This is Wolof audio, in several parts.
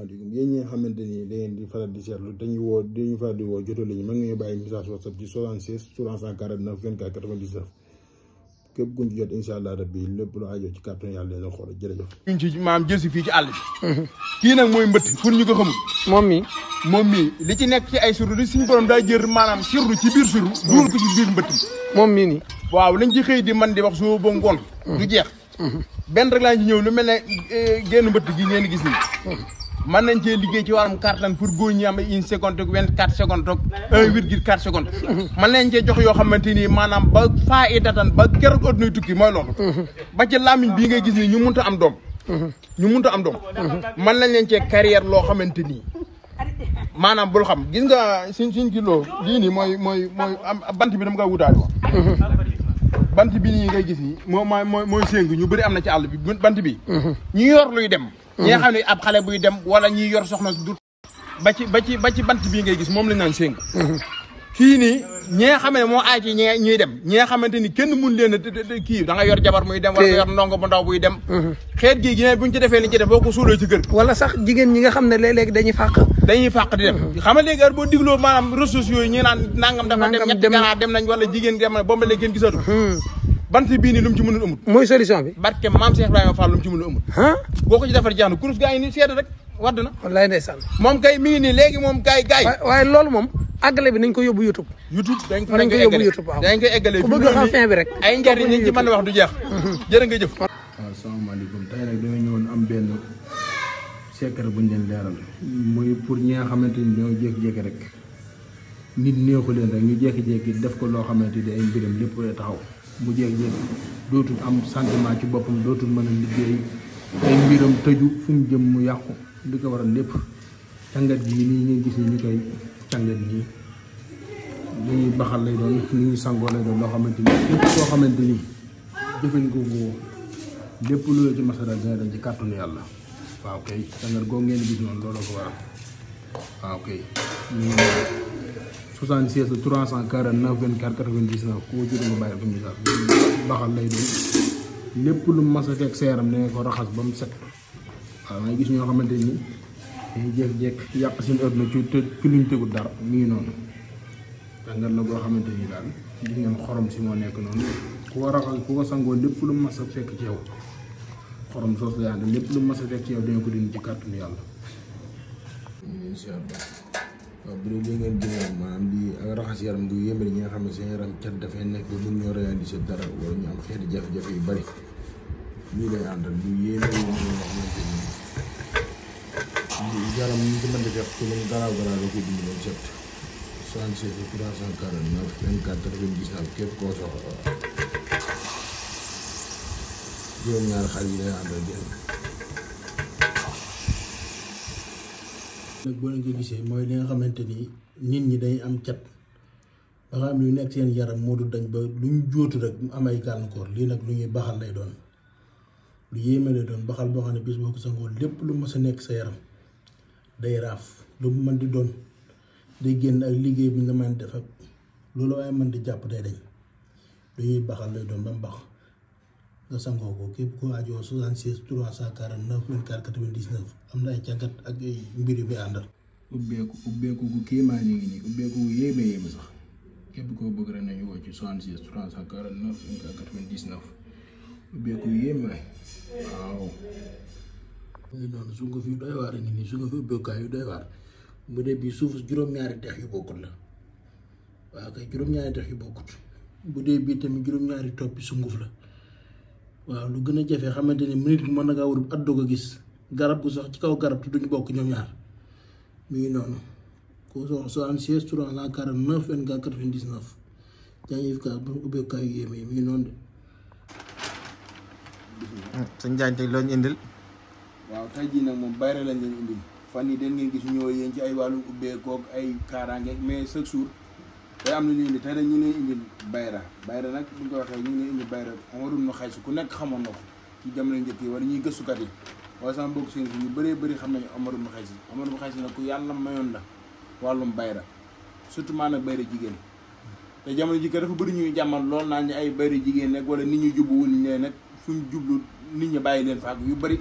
maaleykum yéen ñi nga xamante ni da ngeen di faral di seetlu dañuy woo dañuy faral di ci 76 349 24 99 képp ku ñu ci maam jël si àll bi. kii nag mooy mbëtt pour ñu ko xamul. moom mi moom mi li ci nekk ci ay surlu li suñu borom daa jër maanaam surlu ci biir surlu. dugal ko ci biir mbëtt mi. moom waaw lañ ci xëy di man di wax soo ba ngoon. Mm-hmm. du jeex. Mm-hmm. benn rek laa ñu ñëw lu mel ne eh, génn mbëtt gi ngeen gis nii mm-hmm. mën nañ cee liggéey ci wàllum kàttan pour góor ñi am ay une seconde ak vingt quatre secondes ak un virgule quatre secondes nañ cee jox yoo xamante ni maanaam ba faa i datan ba keroog addunay tukki mooy loolu ba ci làmmiñ bii ngay gis ni ñu mënta am doom ñu mënta am doom man nañ leen cee carrière loo xamante ni maanaam bul xam gis nga suñ suñ kilo lii nii mooy mooy mooy bant bi dama koy wutaale ko bant bi nii ngay gis nii moo mooy mooy séngu ñu bëri am na ci àll bi bant bi ñu yor luy dem ñi nga xam ne ab xale buy dem wala ñiy yor soxna du ba ci ba ci ba ci bant bii ngay gis moom lañ naan séng kii nii ñi nga xam ne moo aay ci ñi ñuy dem ñi nga xamante ni kenn mun leen a kii da nga yor jabar muy dem wala yor ndongo bu ndaw buy dem uhuh. xeet gi gineen bu ñu ci defee li ñu ci def boo ko suulee ci kër wala sax jigéen ñi nga xam ne léeg-léeg dañuy fàq dañuy fàq di dem uhuh. xam nga léegi heure boo digloo maanaam ressources yooyu ñu naan nangam dafa dem ñetti nañ wala jigéen dem na ba ma leen kenn gisatu uhuh. bant bii nii lu mu ci mënul amut. mooy solution bi. barke maam Cheikh Ibrahima Fall lu mu ci mënul amut. boo ko ci defar jeex na kurus gaa yi nii loolu moom. àggale bi ko yóbbu YouTube. YouTube dañ ko yóbbu YouTube waaw dañ ko eggale ku bëgg xam fin bi rek. ay njariñ a wax du jeex. jërë nga jëf. waaw salaamaaleykum tey nag dañoo ñëwoon am benn secret bu ñu leen leeral muy pour ñi nga xamante ni ñoo jékki-jékki rek nit néew ko leen rek ñu jékki-jékki def ko loo xamante ni ay mbiram lépp taxaw mu jeex jeex dootul am sentiment ci boppam dootul mën a liggéey ay mbiram tëju fu mu jëm mu yàqu li ko waral lépp càngat gi nii ñuy gis ni ñu koy càngat gi li ñuy baxal lay doon li ñuy sangoo lay doon loo xamante ni lépp soo xamante ni jëfeñ ko woo lépp lu la ci masara dina dem ci kàttanu yàlla waaw kay càngat goo ngeen gis noonu looloo ko waral waaw kay ñu ngi 76 349 24 99 koo jëlee nga bàyyi ko message baxal lay doon lépp lu mas a fekk seeram ne ko raxas ba mu set waaw may gis ñoo xamante ni mu jékki jekk yàq seen ordre ci te ci luñ dara mi ngi noonu dangar la koo xamante ni daal gis ngeen xorom si moo nekk noonu ku ko raxas ku ko sangoo lépp lu mas a fekk ci yow xorom soos la lépp lu mas a fekk ci yow dañu ko dindi ci kàttanu yàlla ñu leen si yàlla waaw bu dee li ngeen jëlee maanaam di ak raxas yaram gu yéeme ñi nga xam ne seen yaram cat dafay nekk ba mun ñoo réaliser dara wala ñu am xeeti jafe-jafe yu bari ñii lay àndal lu yéeme yi nga xamante ni yaram ñu ko mën def ci lu garaaw garaaw la ko dund moom set 76 349 24 99 képp soxla juróom ñaar xal yi lay àndal nag boo leen ko gisee mooy li nga xamante ni nit ñi dañuy am cat ba xam lu nekk seen moo du dañ ba lu ñu jóotu rek mu am ay gàllankoor lii nag lu baxal lay doon lu yéeme lay doon baxal boo xam ne bis ko sangoo lépp lu mës a nekk sa yaram day raaf lu mu mën di doon day génn ak liggéey bi nga mën def ak loolu waaye mën di jàpp day dañ lu ñuy baxal lay doon ba mu bax sangoo ko képp ku aajo 76 349 24 99 am na ay càggat ak ay mbir yu muy àndal. ubbeeku ubbeeku gu kéemaan yi ngi nii képp koo bëgg rek nañu woo ci 76 ngi noonu su nga fi doy waar ngi nii su nga fi ubbeekaay yu doy waar mu dee suuf juróom-ñaari dex yu bokkut la waaw kay juróom-ñaari dex yu bokkut bu dee bii tamit juróom-ñaari toppi sunguf la. waaw lu gën a jafe xamante ni minute bi mën na ngaa wër at doog a gis garab gu sax ci kaw garab te duñ bokk ñoom ñaar mi ngi noonu ku soxla soixante-seize trois cent quarante-neuf vingt-quatre quatre-vingt-dix-neuf mi ngi noonu de. Ah, sëñ Njaañ tey loo indil. waaw tey jii nag moom bayre lañ leen indil fan yi den ngeen gis ñoo yéen ci ay wàllu ubbeekook ay kaaraange mais chaque jour. day am lu ñuy indi tey nag ñu ngi indi bayra bayra nag bu ñu ko waxee ñu ngi indi bayra amarum nu xay ku nekk xamoon na ko ci jamono njëkk yi wala ñuy gëstukat yi waaye sama bokk seen si xam nañu amarum nu xay si amarum xay si nag ku yàlla mayoon la wàllum bayra surtout maanaam bayra jigéen te jamono jikko dafa bari ñuy jàmmal lool naa ñu ay bayra jigéen nag wala nit ñu jubbu wuñ leen nag fu ñu jublu nit ñi bàyyi leen fa ak yu bari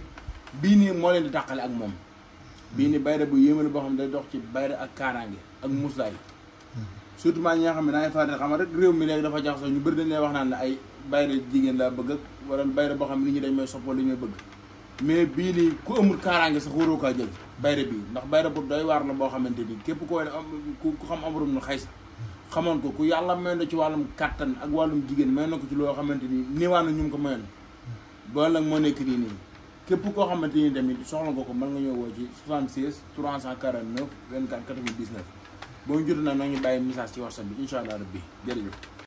bii nii moo leen di tàqale ak moom bii nii bayra bu yéeme boo xam ne day dox ci bayra ak kaaraange ak muslaay surtout maa ñi nga xam ne daanay faral di xam rek réew mi léegi dafa jaxasoo ñu bëri dañ lay wax naan la ay bayre jigéen laa bëgg ak wala bayre boo xam ne nit ñi dañ may sopp wala ñu may bëgg mais bii nii ku amul kaaraange sax wóoroo kaa jël bayre bii ndax bayre bu doy waar la boo xamante ni képp koo ku xam amurum na xaysa xamoon ko ku yàlla mayoon na ci wàllum kàttan ak wàllum jigéen mayoon na ko ci loo xamante ni néewaan na ñu ko mayoon ba nag moo nekk nii nii képp koo xamante ni tamit soxla nga ko mën nga ñëw woo ci 76 349 24 99 boo ñu jot naa noo ñu bàyyi message ci whatsapp bi incha allah rabbi jërëjëf